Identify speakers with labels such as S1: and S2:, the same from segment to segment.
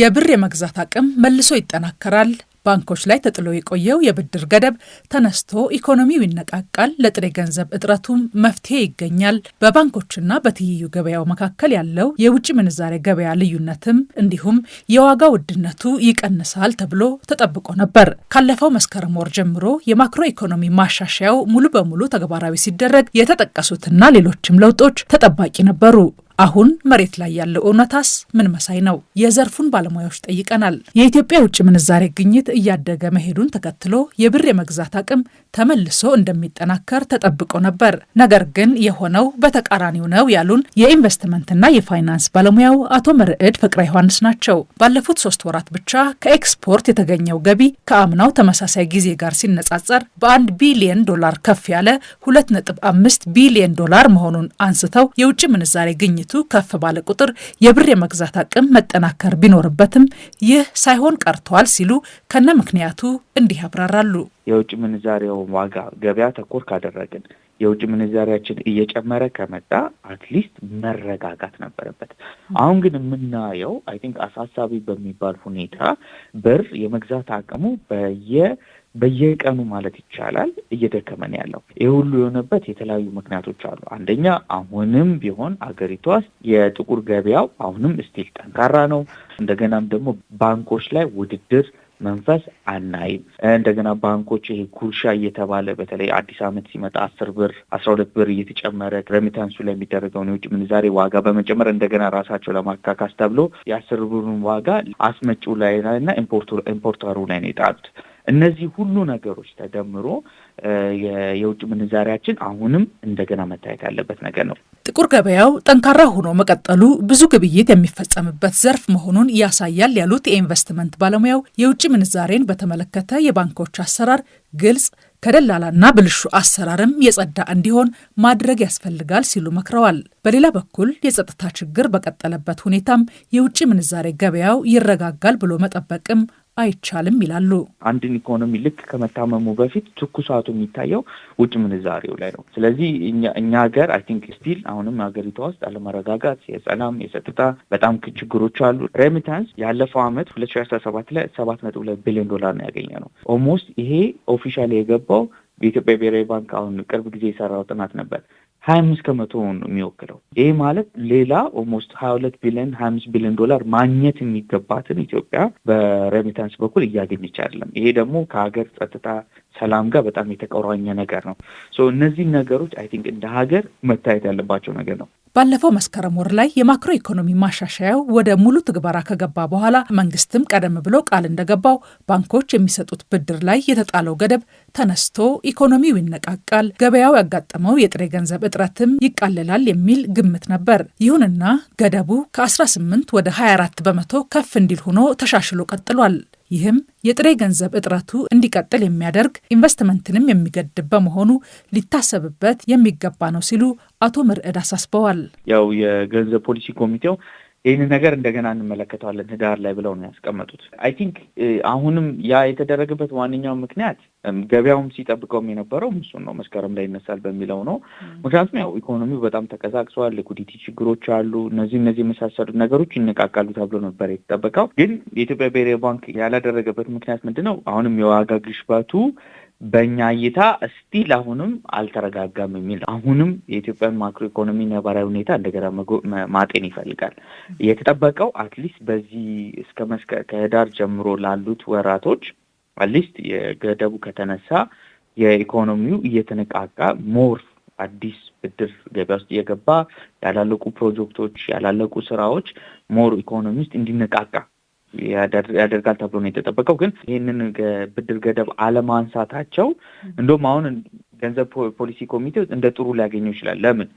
S1: የብር የመግዛት አቅም መልሶ ይጠናከራል። ባንኮች ላይ ተጥሎ የቆየው የብድር ገደብ ተነስቶ ኢኮኖሚው ይነቃቃል፣ ለጥሬ ገንዘብ እጥረቱም መፍትሄ ይገኛል። በባንኮችና በትይዩ ገበያው መካከል ያለው የውጭ ምንዛሬ ገበያ ልዩነትም እንዲሁም የዋጋ ውድነቱ ይቀንሳል ተብሎ ተጠብቆ ነበር። ካለፈው መስከረም ወር ጀምሮ የማክሮ ኢኮኖሚ ማሻሻያው ሙሉ በሙሉ ተግባራዊ ሲደረግ የተጠቀሱትና ሌሎችም ለውጦች ተጠባቂ ነበሩ። አሁን መሬት ላይ ያለው እውነታስ ምን መሳይ ነው? የዘርፉን ባለሙያዎች ጠይቀናል። የኢትዮጵያ የውጭ ምንዛሬ ግኝት እያደገ መሄዱን ተከትሎ የብር የመግዛት አቅም ተመልሶ እንደሚጠናከር ተጠብቆ ነበር። ነገር ግን የሆነው በተቃራኒው ነው ያሉን የኢንቨስትመንትና የፋይናንስ ባለሙያው አቶ መርዕድ ፍቅረ ዮሐንስ ናቸው። ባለፉት ሶስት ወራት ብቻ ከኤክስፖርት የተገኘው ገቢ ከአምናው ተመሳሳይ ጊዜ ጋር ሲነጻጸር በአንድ ቢሊየን ዶላር ከፍ ያለ 2.5 ቢሊየን ዶላር መሆኑን አንስተው የውጭ ምንዛሬ ግኝቱ ከፍ ባለ ቁጥር የብር የመግዛት አቅም መጠናከር ቢኖርበትም ይህ ሳይሆን ቀርተዋል ሲሉ ከነ ምክንያቱ እንዲህ ያብራራሉ።
S2: የውጭ ምንዛሬው ዋጋ ገበያ ተኮር ካደረግን የውጭ ምንዛሪያችን እየጨመረ ከመጣ አትሊስት መረጋጋት ነበረበት። አሁን ግን የምናየው አይ ቲንክ አሳሳቢ በሚባል ሁኔታ ብር የመግዛት አቅሙ በየ በየቀኑ ማለት ይቻላል እየደከመን ያለው። ይህ ሁሉ የሆነበት የተለያዩ ምክንያቶች አሉ። አንደኛ አሁንም ቢሆን አገሪቷ የጥቁር ገበያው አሁንም ስቲል ጠንካራ ነው። እንደገናም ደግሞ ባንኮች ላይ ውድድር መንፈስ አናይም። እንደገና ባንኮች ይሄ ጉርሻ እየተባለ በተለይ አዲስ ዓመት ሲመጣ አስር ብር አስራ ሁለት ብር እየተጨመረ ረሚታንሱ ላይ የሚደረገውን የውጭ ምንዛሬ ዋጋ በመጨመር እንደገና ራሳቸው ለማካካስ ተብሎ የአስር ብሩን ዋጋ አስመጪው ላይ እና ኢምፖርተሩ ላይ ነው የጣሉት። እነዚህ ሁሉ ነገሮች ተደምሮ የውጭ ምንዛሪያችን አሁንም እንደገና መታየት ያለበት ነገር ነው።
S1: ጥቁር ገበያው ጠንካራ ሆኖ መቀጠሉ ብዙ ግብይት የሚፈጸምበት ዘርፍ መሆኑን ያሳያል ያሉት የኢንቨስትመንት ባለሙያው የውጭ ምንዛሬን በተመለከተ የባንኮች አሰራር ግልጽ ከደላላና ብልሹ አሰራርም የጸዳ እንዲሆን ማድረግ ያስፈልጋል ሲሉ መክረዋል። በሌላ በኩል የጸጥታ ችግር በቀጠለበት ሁኔታም የውጭ ምንዛሬ ገበያው ይረጋጋል ብሎ መጠበቅም አይቻልም ይላሉ።
S2: አንድን ኢኮኖሚ ልክ ከመታመሙ በፊት ትኩሳቱ የሚታየው ውጭ ምንዛሬው ላይ ነው። ስለዚህ እኛ ሀገር አይ ቲንክ ስቲል አሁንም ሀገሪቷ ውስጥ አለመረጋጋት፣ የሰላም የጸጥታ በጣም ችግሮች አሉ። ሬሚታንስ ያለፈው አመት ሁለት ሺ አስራ ሰባት ላይ ሰባት ነጥብ ሁለት ቢሊዮን ዶላር ነው ያገኘ ነው። ኦልሞስት ይሄ ኦፊሻል የገባው በኢትዮጵያ ብሔራዊ ባንክ አሁን ቅርብ ጊዜ የሰራው ጥናት ነበር ሀያ አምስት ከመቶውን ነው የሚወክለው። ይህ ማለት ሌላ ኦልሞስት ሀያ ሁለት ቢሊዮን ሀያ አምስት ቢሊዮን ዶላር ማግኘት የሚገባትን ኢትዮጵያ በሬሚታንስ በኩል እያገኘች አይደለም። ይሄ ደግሞ ከሀገር ጸጥታ፣ ሰላም ጋር በጣም የተቆራኘ ነገር ነው። እነዚህ ነገሮች አይ ቲንክ እንደ ሀገር መታየት ያለባቸው ነገር ነው።
S1: ባለፈው መስከረም ወር ላይ የማክሮ ኢኮኖሚ ማሻሻያው ወደ ሙሉ ትግበራ ከገባ በኋላ መንግስትም ቀደም ብሎ ቃል እንደገባው ባንኮች የሚሰጡት ብድር ላይ የተጣለው ገደብ ተነስቶ ኢኮኖሚው ይነቃቃል፣ ገበያው ያጋጠመው የጥሬ ገንዘብ እጥረትም ይቃለላል የሚል ግምት ነበር። ይሁንና ገደቡ ከ18 ወደ 24 በመቶ ከፍ እንዲል ሆኖ ተሻሽሎ ቀጥሏል። ይህም የጥሬ ገንዘብ እጥረቱ እንዲቀጥል የሚያደርግ ኢንቨስትመንትንም የሚገድብ በመሆኑ ሊታሰብበት የሚገባ ነው ሲሉ አቶ ምርዕድ አሳስበዋል።
S2: ያው የገንዘብ ፖሊሲ ኮሚቴው ይህንን ነገር እንደገና እንመለከተዋለን ህዳር ላይ ብለው ነው ያስቀመጡት። አይ ቲንክ አሁንም ያ የተደረገበት ዋነኛው ምክንያት ገበያውም ሲጠብቀውም የነበረው እሱን ነው፣ መስከረም ላይ ይነሳል በሚለው ነው። ምክንያቱም ያው ኢኮኖሚው በጣም ተቀዛቅሷል፣ ሊኩዲቲ ችግሮች አሉ፣ እነዚህ እነዚህ የመሳሰሉ ነገሮች ይነቃቃሉ ተብሎ ነበር የተጠበቀው። ግን የኢትዮጵያ ብሔራዊ ባንክ ያላደረገበት ምክንያት ምንድን ነው? አሁንም የዋጋ ግሽበቱ በእኛ እይታ ስቲል አሁንም አልተረጋጋም የሚል አሁንም የኢትዮጵያን ማክሮ ኢኮኖሚ ነባራዊ ሁኔታ እንደገና ማጤን ይፈልጋል። የተጠበቀው አትሊስት በዚህ እስከ መስከ ከህዳር ጀምሮ ላሉት ወራቶች አትሊስት የገደቡ ከተነሳ የኢኮኖሚው እየተነቃቃ ሞር አዲስ ብድር ገበያ ውስጥ እየገባ ያላለቁ ፕሮጀክቶች ያላለቁ ስራዎች ሞር ኢኮኖሚ ውስጥ እንዲነቃቃ ያደርጋል ተብሎ ነው የተጠበቀው። ግን ይህንን ብድር ገደብ አለማንሳታቸው እንደውም አሁን ገንዘብ ፖሊሲ ኮሚቴው እንደ ጥሩ ሊያገኘው ይችላል። ለምን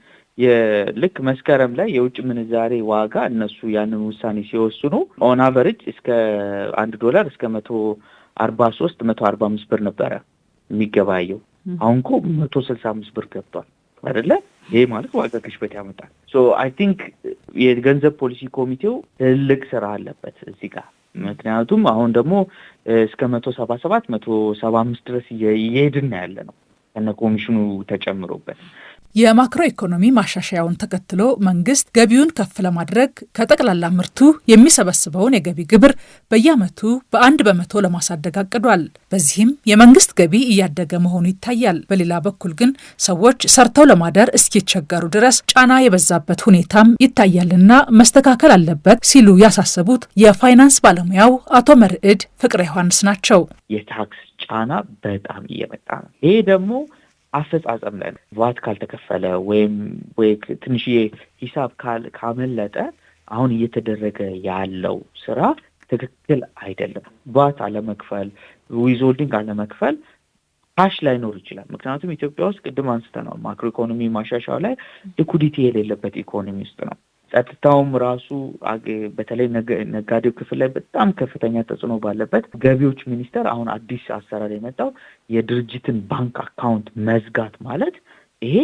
S2: ልክ መስከረም ላይ የውጭ ምንዛሬ ዋጋ እነሱ ያንን ውሳኔ ሲወስኑ ኦን አቨሬጅ እስከ አንድ ዶላር እስከ መቶ አርባ ሶስት መቶ አርባ አምስት ብር ነበረ የሚገባየው። አሁን እኮ መቶ ስልሳ አምስት ብር ገብቷል አይደለ? ይሄ ማለት ዋጋ ግሽበት ያመጣል። ሶ አይ ቲንክ የገንዘብ ፖሊሲ ኮሚቴው ትልቅ ስራ አለበት እዚህ ጋር ምክንያቱም አሁን ደግሞ እስከ መቶ ሰባ ሰባት መቶ ሰባ አምስት ድረስ እየሄድን ያለ ነው ከነ ኮሚሽኑ ተጨምሮበት
S1: የማክሮ ኢኮኖሚ ማሻሻያውን ተከትሎ መንግስት ገቢውን ከፍ ለማድረግ ከጠቅላላ ምርቱ የሚሰበስበውን የገቢ ግብር በየዓመቱ በአንድ በመቶ ለማሳደግ አቅዷል። በዚህም የመንግስት ገቢ እያደገ መሆኑ ይታያል። በሌላ በኩል ግን ሰዎች ሰርተው ለማደር እስኪቸገሩ ድረስ ጫና የበዛበት ሁኔታም ይታያልና መስተካከል አለበት ሲሉ ያሳሰቡት የፋይናንስ ባለሙያው አቶ መርዕድ ፍቅረ ዮሐንስ ናቸው።
S2: የታክስ ጫና በጣም እየመጣ ነው። ይሄ ደግሞ አፈጻጸም ላይ ነው። ቫት ካልተከፈለ ወይም ወይ ትንሽዬ ሂሳብ ካመለጠ አሁን እየተደረገ ያለው ስራ ትክክል አይደለም። ቫት አለመክፈል፣ ዊዝሆልዲንግ አለመክፈል ካሽ ላይኖር ይችላል። ምክንያቱም ኢትዮጵያ ውስጥ ቅድም አንስተ ነው ማክሮ ኢኮኖሚ ማሻሻው ላይ ሊኩዲቲ የሌለበት ኢኮኖሚ ውስጥ ነው ጸጥታውም ራሱ በተለይ ነጋዴው ክፍል ላይ በጣም ከፍተኛ ተጽዕኖ ባለበት ገቢዎች ሚኒስቴር አሁን አዲስ አሰራር የመጣው የድርጅትን ባንክ አካውንት መዝጋት ማለት ይሄ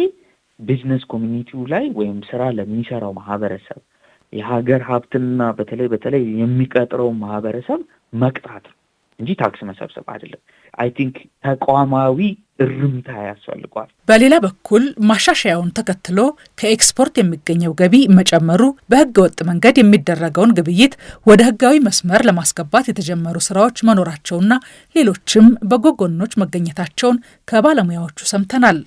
S2: ቢዝነስ ኮሚኒቲው ላይ ወይም ስራ ለሚሰራው ማህበረሰብ የሀገር ሀብትና በተለይ በተለይ የሚቀጥረው ማህበረሰብ መቅጣት ነው እንጂ ታክስ መሰብሰብ አይደለም። አይ ቲንክ ተቋማዊ እርምታ ያስፈልጓል።
S1: በሌላ በኩል ማሻሻያውን ተከትሎ ከኤክስፖርት የሚገኘው ገቢ መጨመሩ በህገ ወጥ መንገድ የሚደረገውን ግብይት ወደ ህጋዊ መስመር ለማስገባት የተጀመሩ ስራዎች መኖራቸውና ሌሎችም በጎ ጎኖች መገኘታቸውን ከባለሙያዎቹ ሰምተናል።